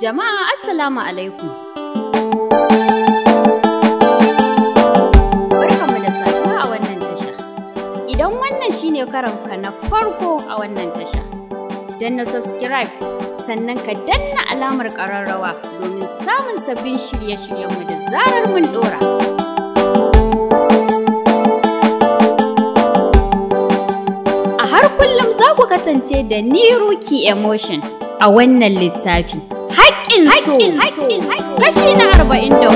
Jama'a Assalamu alaikum. Barkanmu da saduwa a wannan tasha. Idan wannan shine ka na farko a wannan tasha, na subscribe sannan ka danna alamar ƙararrawa domin samun sabbin shirye-shiryenmu da zarar mun ɗora. A har kullum za ku kasance da ni Ruki Emotion a wannan littafi. haƙƙin so kashi na arba'in da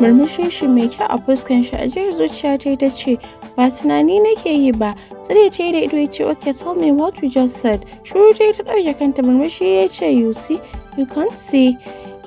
murmushin shi mai kyau a fuskan shi a ajiyar zuciya ta ta ce ba tunani nake yi ba tsire ce da ido ya ce ok tell me what you just said shuru ta yi ta ɗauke kanta murmushi ya ce you see you can't see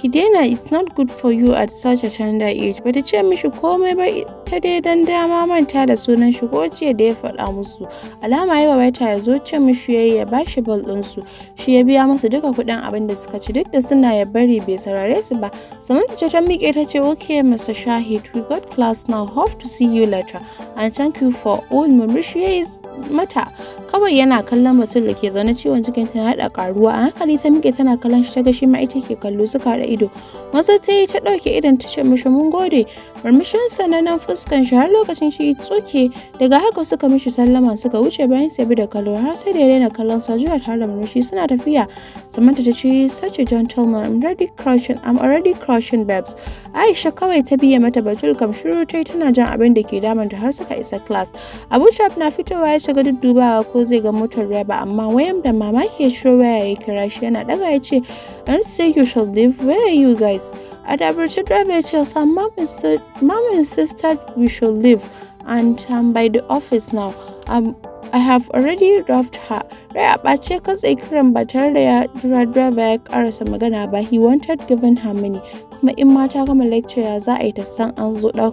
ki daina it's not good for you at such a tender age ta ce mishi komai ba ta dai dan dama manta da sunan shi ko ce da ya faɗa musu alama yawa bata ya zo ce mishi yayi ya bashi bal ɗinsu shi ya biya musu duka kuɗin abin da suka ci duk da suna ya bari bai saurare su ba samanta ce ta miƙe ta ce okay Mr Shahid we got class now hope to see you later and thank you for all murmushi wishes mata kawai yana kallon mutum da ke zaune ciwon cikin ta haɗa karuwa a hankali ta miƙe tana kallon shi ta ga ma ita ke kallo suka haɗa ido maza ta yi ta ɗauke idan ta ce mishi mun gode murmushin sanannen fuskan shi har lokacin shi tsoke daga haka suka mishi sallama suka wuce bayan sai bi da kallo har sai da ya daina kallon sa juya tare da murmushi suna tafiya samanta ta ce such a gentleman I'm already crushing I'm already crushing babes Aisha kawai ta biya mata batul kam shiru ta yi tana jan abin da ke ta har suka isa class Abu Shaf na fitowa ya shiga duddubawa ko zai ga motar raba amma wayan da mamaki ya shiro waya ya kira shi yana daga ya ce and say you should live where are you guys at Abertadra VHS some mom, insta- mom insisted we should live and I'm um, by the office now. I'm um, I have already loved her. Rai a ɓace katse kiran ba tare da ya jira driver ya karasa magana ba. He wanted given her money. Kuma in ma ta gama lecture ya za a yi ta san an zo ta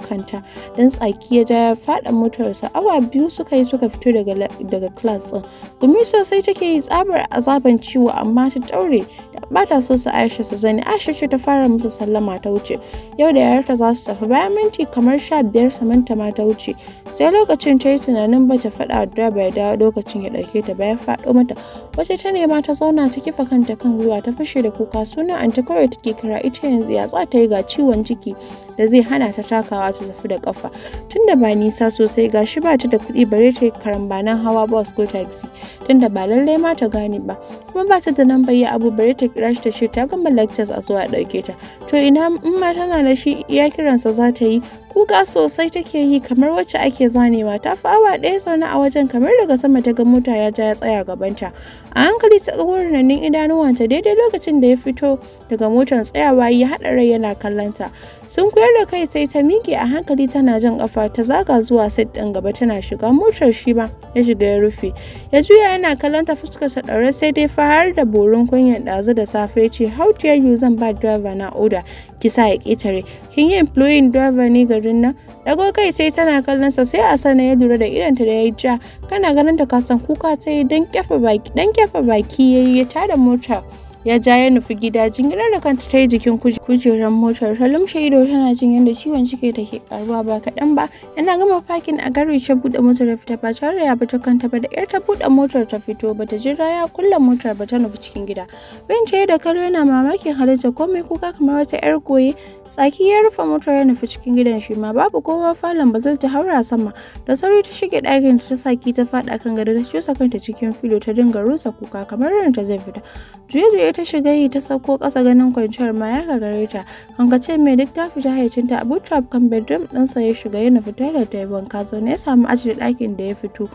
Dan tsaki ya ja ya faɗa motarsa. Awa biyu suka yi suka fito daga daga class ɗin. Gumi sosai take yi tsabar azaban ciwo amma ta daure. Da bata so su Aisha su zani. Aisha ce ta fara musu sallama ta wuce. Yau da yarta za su tafi bayan minti kamar sha biyar samanta ma ta wuce. Sai lokacin ta yi tunanin ba bata faɗa driver ya dawo lokacin ya ɗauke ta bayan faɗo mata wace ta nema ta zauna ta kifa kanta kan gwiwa ta fashe da kuka suna an anti kawai take kira ita yanzu ya ta yi ga ciwon ciki da zai hana ta takawa ta tafi da kafa tunda ba nisa sosai gashi ba ta da kuɗi bare ta yi karambanan hawa bus ko taxi tunda ba lallai ma ta gane ba kuma ba ta da nan ya abu bare ta kira shi ta ce ta gama lectures a zuwa ɗauke ta to ina in ma tana da shi iya kiransa za ta yi kuka sosai take yi kamar wacce ake zanewa ta fi awa ɗaya zaune a wajen kamar daga sama ta ga mota ya ja ya tsaya gabanta a hankali ta ƙagurinannin idanuwanta daidai lokacin da ya fito daga motar tsayawa ya haɗa rai yana kallonta sun koyar da kai sai ta miƙe a hankali tana jan ƙafa ta zaga zuwa sit ɗin gaba tana shiga motar shi ba ya shiga ya rufe ya juya yana kallonta fuskarsa ɗaure sai dai fahar da borin kunyan ɗazu da safe ya ce how dare you zan ba driver na oda kisa ya ƙetare kin yi employing driver ne garin ashirin nan daga kai sai tana kallon sa sai a sana ya lura da ta da ya ja kana ganin ta kasan kuka sai dan kefa baki dan kefa baki yayi ya tada mota ya ja ya nufi gida jingirar da kanta ta yi jikin kujerar motar ta lumshe ido tana jin yadda ciwon ciki take karuwa ba kaɗan ba yana gama fakin a gari ta buɗe motar ta fita ba tare ya bata kanta ba da ƴar ta buɗe motar ta fito ba ta jira ya kulle motar ba ta nufi cikin gida bin ce da kallo yana mamakin halitta komai kuka kamar wata 'yar goye tsaki ya rufe motar ya nufi cikin gidan shi ma babu kowa falon bazal ta haura sama da sauri ta shige ɗakin ta saki ta faɗa kan gado ta cusa kanta cikin filo ta dinga rusa kuka kamar ta zai fita juye-juye sai ta shiga yi ta sauko ƙasa ganin kwanciyar ma ya gagare ta. hankacin mai duk ta fita haicinta a bootstrap kan bedroom ɗinsa ya shiga yana fita da ta yi wanka zaune ya samu ajiye ɗakin da ya fito.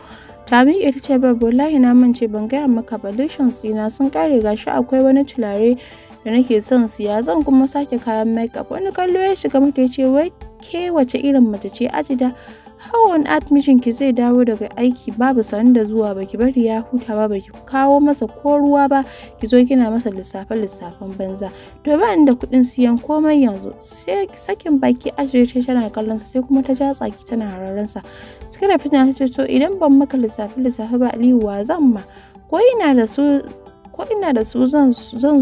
ta miƙe ta ce babu lahi na mun ce ban gaya maka ba lishins ɗina sun ƙare gashi akwai wani tulare da nake son siya zan kuma sake kayan makeup wani kallo ya shiga mata ya ce wai ke wace irin mace ce da. kawon admission ki zai dawo daga aiki babu sanin da zuwa baki bari ya huta ba baki kawo masa ko ruwa ba ki zo kina masa lissafe lissafen banza. To ba da kuɗin siyan komai yanzu sai sakin baki ajiye ta tana kallon sa sai kuma ta ja tsaki tana hararen sa. Suka da fitina ta to idan ban maka lissafe lissafe ba Aliyu wa zan ma ko ina da su ko ina da su zan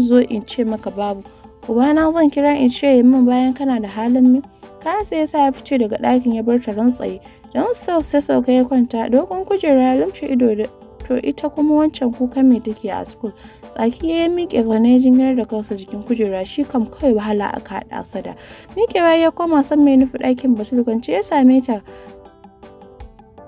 zo in ce maka babu. Ubana zan kira in ce min bayan kana da halin min. Kansa ya sa ya fice daga ɗakin ya bar ta rantsaye. Don Sales ya sauka ya kwanta dogon kujera ya lumce ido da to ita kuma wancan kuka mai take a school. Tsaki ya yi miƙe zane jingar da kansa jikin kujera shi kam kawai wahala a kaɗa sada. Miƙewa ya koma san mai nufi ɗakin Batul kwance ya same ta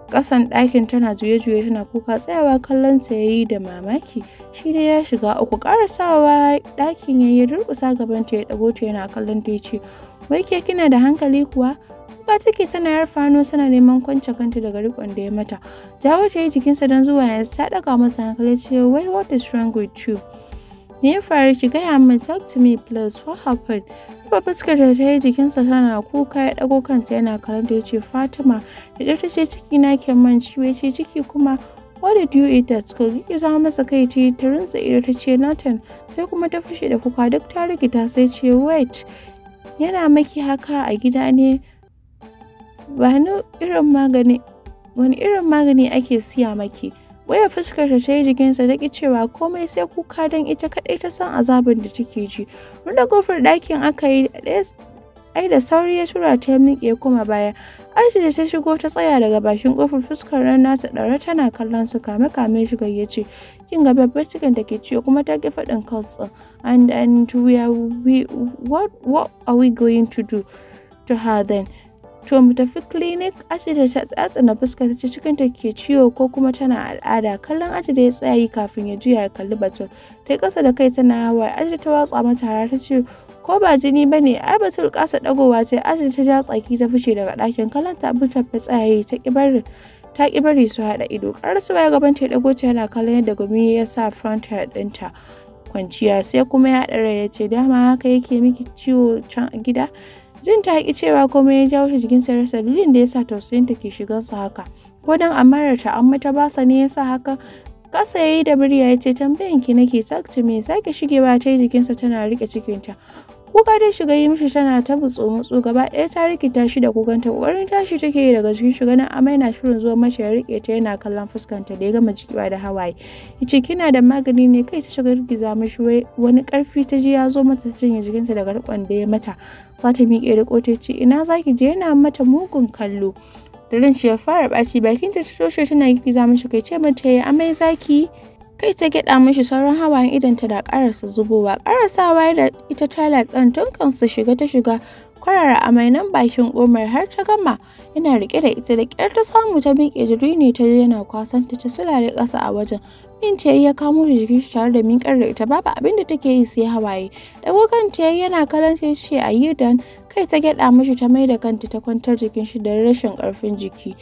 Ƙasan ɗakin tana juye-juye tana kuka tsayawa kallon ta yayi da mamaki. Shi dai ya shiga uku karasawa ɗakin yayi durƙusa gaban ta ya ɗago ta yana kallon ta yace wai ke kina da hankali kuwa? Kuka take sana yar fano sana neman kwance kanta daga rikon da ya mata. Jawo ta yi jikinsa don zuwa yanzu ta ɗaga masa hankali ce wai what is wrong with you? Me ya faru ki gaya min talk to me plus what happened? Rufe fuskar da ta yi jikinsa tana kuka ya ɗago kanta yana karanta ya ce Fatima da ɗar ta ce ciki na ke man ciwo ce ciki kuma what did you eat at school? Ki zama masa kai ta yi ta rinsa ido ta ce Nathan sai kuma ta fashe da kuka duk ta rikita sai ce wait yana maki haka a gida ne ba irin magani wani irin magani ake siya maki? Waya fuskarta ta yi jikinsa da ki cewa komai sai kuka don ita kaɗai ta san azabin da take ji. Wanda gofar ɗakin aka yi ai da sauri ya tura ta ya miƙe kuma baya. Aisha da ta shigo ta tsaya daga bakin kofar fuskar nan nata ɗaure tana kallon su kame kame shi ya ce kin ga babbar cikin da ke ciwo kuma ta ki faɗin kansa and and we are we what what are we going to do to her then To mu tafi clinic, Ajida ta na fuska ta ce cikinta ke ciwo ko kuma tana al'ada. Kallon aji da ya tsaya yi kafin ya juya ya kalli Batul. Ta yi ƙasa da kai tana hawa, Ajida ta watsa mata hara ta ce ko ba jini ba ne, ai Batul ƙasa ɗagowa ce, Ajida ta ja tsaki ta fushi daga ɗakin. Kallon ta abin ta tsaya ta ƙi bari Ta ƙi bari su haɗa ido. Ƙarasuwa ya gabanta ya ɗago ta yana kallon yadda gumi ya sa front hair ɗinta. kwanciya sai kuma ya ɗara ya ce dama haka yake miki ciwo can gida Jin ta haƙi cewa komai ya jawo shi jikin ya rasa dalilin da ya sa ta ke shigansa haka. Ko don amarar ta amma ta basa ne ya sa haka kasa yi da murya ya ce tambayan ki nake talk to me sake shigewa ta yi jikinsa tana rike cikinta kuka ta shiga yi mishi tana ta butso mutsu gaba ɗaya ta rikita shi da ta kokarin tashi take yi daga cikin shiga nan amai na shirin zuwa mace ya riƙe ta yana kallon fuskanta da ya gama jikiwa da hawaye yace kina da magani ne kai ta shiga girgiza mishi wani ƙarfi ta ji ya zo mata ta cinye jikinta daga rikon da ya mata za ta miƙe da ta ce ina zaki je yana mata mugun kallo da ran shi ya fara ɓaci bakinta ta toshe tana girgiza mishi kai ce mata ya amai zaki kai ta gyaɗa mishi sauran hawayen idanta da ƙarasa zubowa ƙarasawa da ita toilet ɗin tun kansu su shiga ta shiga kwarara amai nan bakin umar har ta gama yana rike da ita da ƙyar ta samu ta miƙe jiri ne ta yana kwasan ta ta sulare ƙasa a wajen min ta ya kamo da jikin shi tare da miƙar da ita babu abin da take yi sai hawaye dago ta yi yana kalan sai ce a dan kai ta gyaɗa mishi ta mai da kanta ta kwantar jikin shi da rashin ƙarfin jiki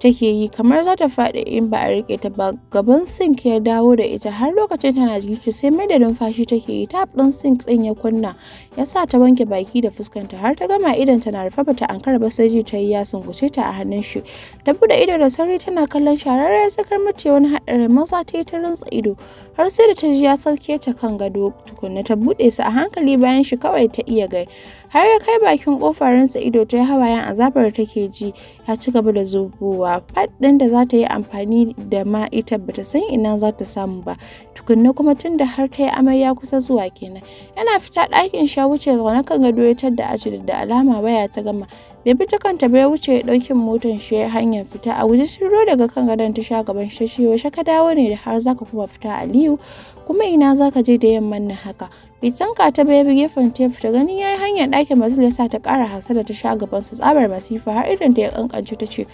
take yi kamar za ta faɗi in ba a riƙe ta ba gaban sink ya dawo da ita har lokacin tana jiki sai mai da numfashi take yi tap ɗin sink ɗin ya kunna ya sa ta wanke baki da fuskanta har ta gama idan tana rufe bata ankara ba sai ji ta yi ya sunkuce ta a hannun shi ta buɗe ido da sauri tana kallon shararren ya sakar mace wani haɗarin maza ta yi ta rantsa ido har sai da ta ji ya sauke ta kan gado tukunna ta buɗe su a hankali bayan shi kawai ta iya gai har ya kai bakin kofarinsa ido ta yi hawayen azabar da take ji ya ci gaba da zubowa faɗin da za ta yi amfani da ma ita ba ta san ina za ta samu ba tukunna kuma tun da har ta yi amarya kusa zuwa kenan yana fita ɗakin sha wuce zaune kan gado ya tadda aji da alama waya ta gama bai bi ta kanta ba ya wuce ya ɗaukin motar shi ya hanyar fita a guje shiro daga kan gadon ta sha gaban shi ta ka dawo ne da har zaka kuma fita aliyu kuma ina zaka je da yamman nan haka Bitsanka ta bai bi gefen tef ta ganin yayi hanyar ɗakin Basil ya sa ta ƙara hasala ta sha gaban sa tsabar masifa har idan ta ya kankance ta ce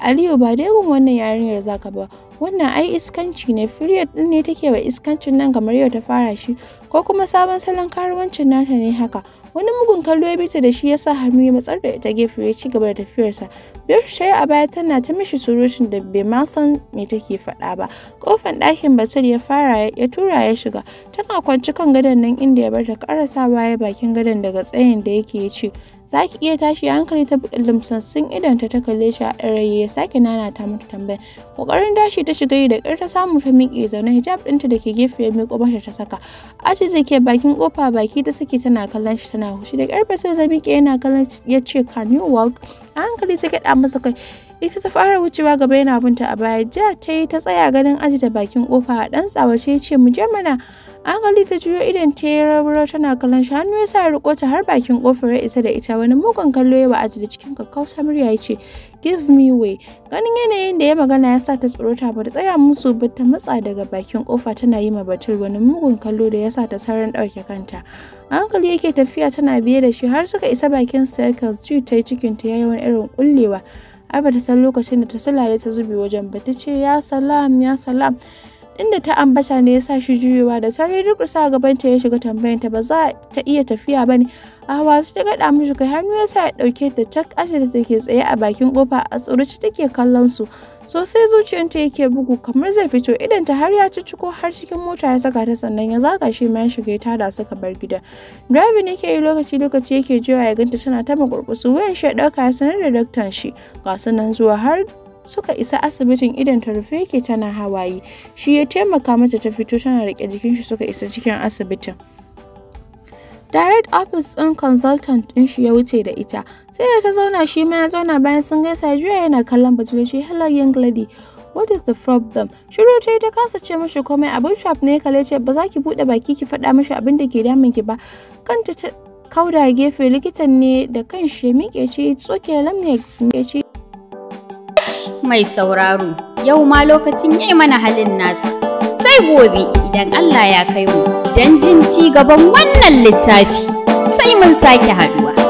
Aliyu ba dai gun wannan yarinyar zaka ba wannan ai iskanci ne period din ne take wa iskancin nan kamar yau ta fara shi ko kuma sabon salon karuwancin nata ne haka wani mugun kallo ya bita da shi ya sa hannu ya matsar da ita gefe ya ci gaba da tafiyarsa biyar shayi a baya tana ta mishi surutun da bai ma san me take faɗa ba kofan ɗakin batul ya fara ya tura ya shiga tana kwanci kan gadon nan inda ya bar ta karasa baya bakin gadon daga tsayin da yake ya ce za ki iya tashi hankali ta buɗe limsassun idonta ta kalle shi a ɗaraye ya sake nanata mata tambaya ƙoƙarin dashi ta shiga yi da ƙar ta samu ta miƙe zaune hijab ɗinta da ke gefe ya miƙo mata ta saka. Aji da ke bakin ƙofa baki ta saki tana kallon shi tana hushi da ƙarfe sai zai miƙe yana kallon ya ce can you walk? A hankali ta kaɗa masa kai. Ita ta fara wucewa gaba yana binta a baya. Ja ta yi ta tsaya ganin aji da bakin ƙofa a ɗan tsawace ya ce mu je mana. ankali ta juyo idan ta yi rawar tana kallon shi hannu ya sa ya riko ta har bakin kofar ya isa da ita wani mugun kallo ya ba da cikin kakkausar murya ya ce give me way ganin yanayin da ya magana ya sa ta tsorota ba ta tsaya musu ba ta matsa daga bakin kofa tana yi ma batul wani mugun kallo da ya sa ta sauran ɗauke kanta ankali yake tafiya tana biye da shi har suka isa bakin circles ji ta yi cikinta ya yi wani irin kullewa ai ta san lokacin da ta sulale ta zube wajen ba ta ce ya salam ya salam inda ta ambata ne ya sa shi juyewa da sarai sa gabanta ya shiga tambayan ta ba za ta iya tafiya ba ne a wasu ta gada mishi kai hannu ya sa ya ɗauke ta cak ashirin da ke tsaye a bakin kofa a tsoraci take kallon su sosai zuciyarta yake bugu kamar zai fito idan ta har ya cicciko har cikin mota ya saka ta sannan ya zaka shi ma ya shiga ta da suka bar gida driving yake yi lokaci lokaci yake jiwa ya ganta tana ta makurkusu wayan shi ya dauka ya sanar da daktan shi ga sunan zuwa har suka isa asibitin idan ta rufe yake tana hawaye shi ya taimaka mata ta fito tana rike jikin shi suka isa cikin asibitin direct office ɗin consultant ɗin shi ya wuce da ita sai da ta zauna shi ma ya zauna bayan sun gaisa juya yana kallon batula ce hello young lady what is the problem shiru ta yi ta kasa ce mashi komai abin shop ne kale ce ba za ki buɗe baki ki faɗa mashi abin da ke damun ki ba kanta ta kauda gefe likitan ne da kan shi miƙe ce tsoke miƙe ce mai sauraro, yau ma lokacin yi mana halin nasa. Sai gobe idan Allah ya kai mu, don jin ci gaban wannan littafi, sai mun sake haɗuwa.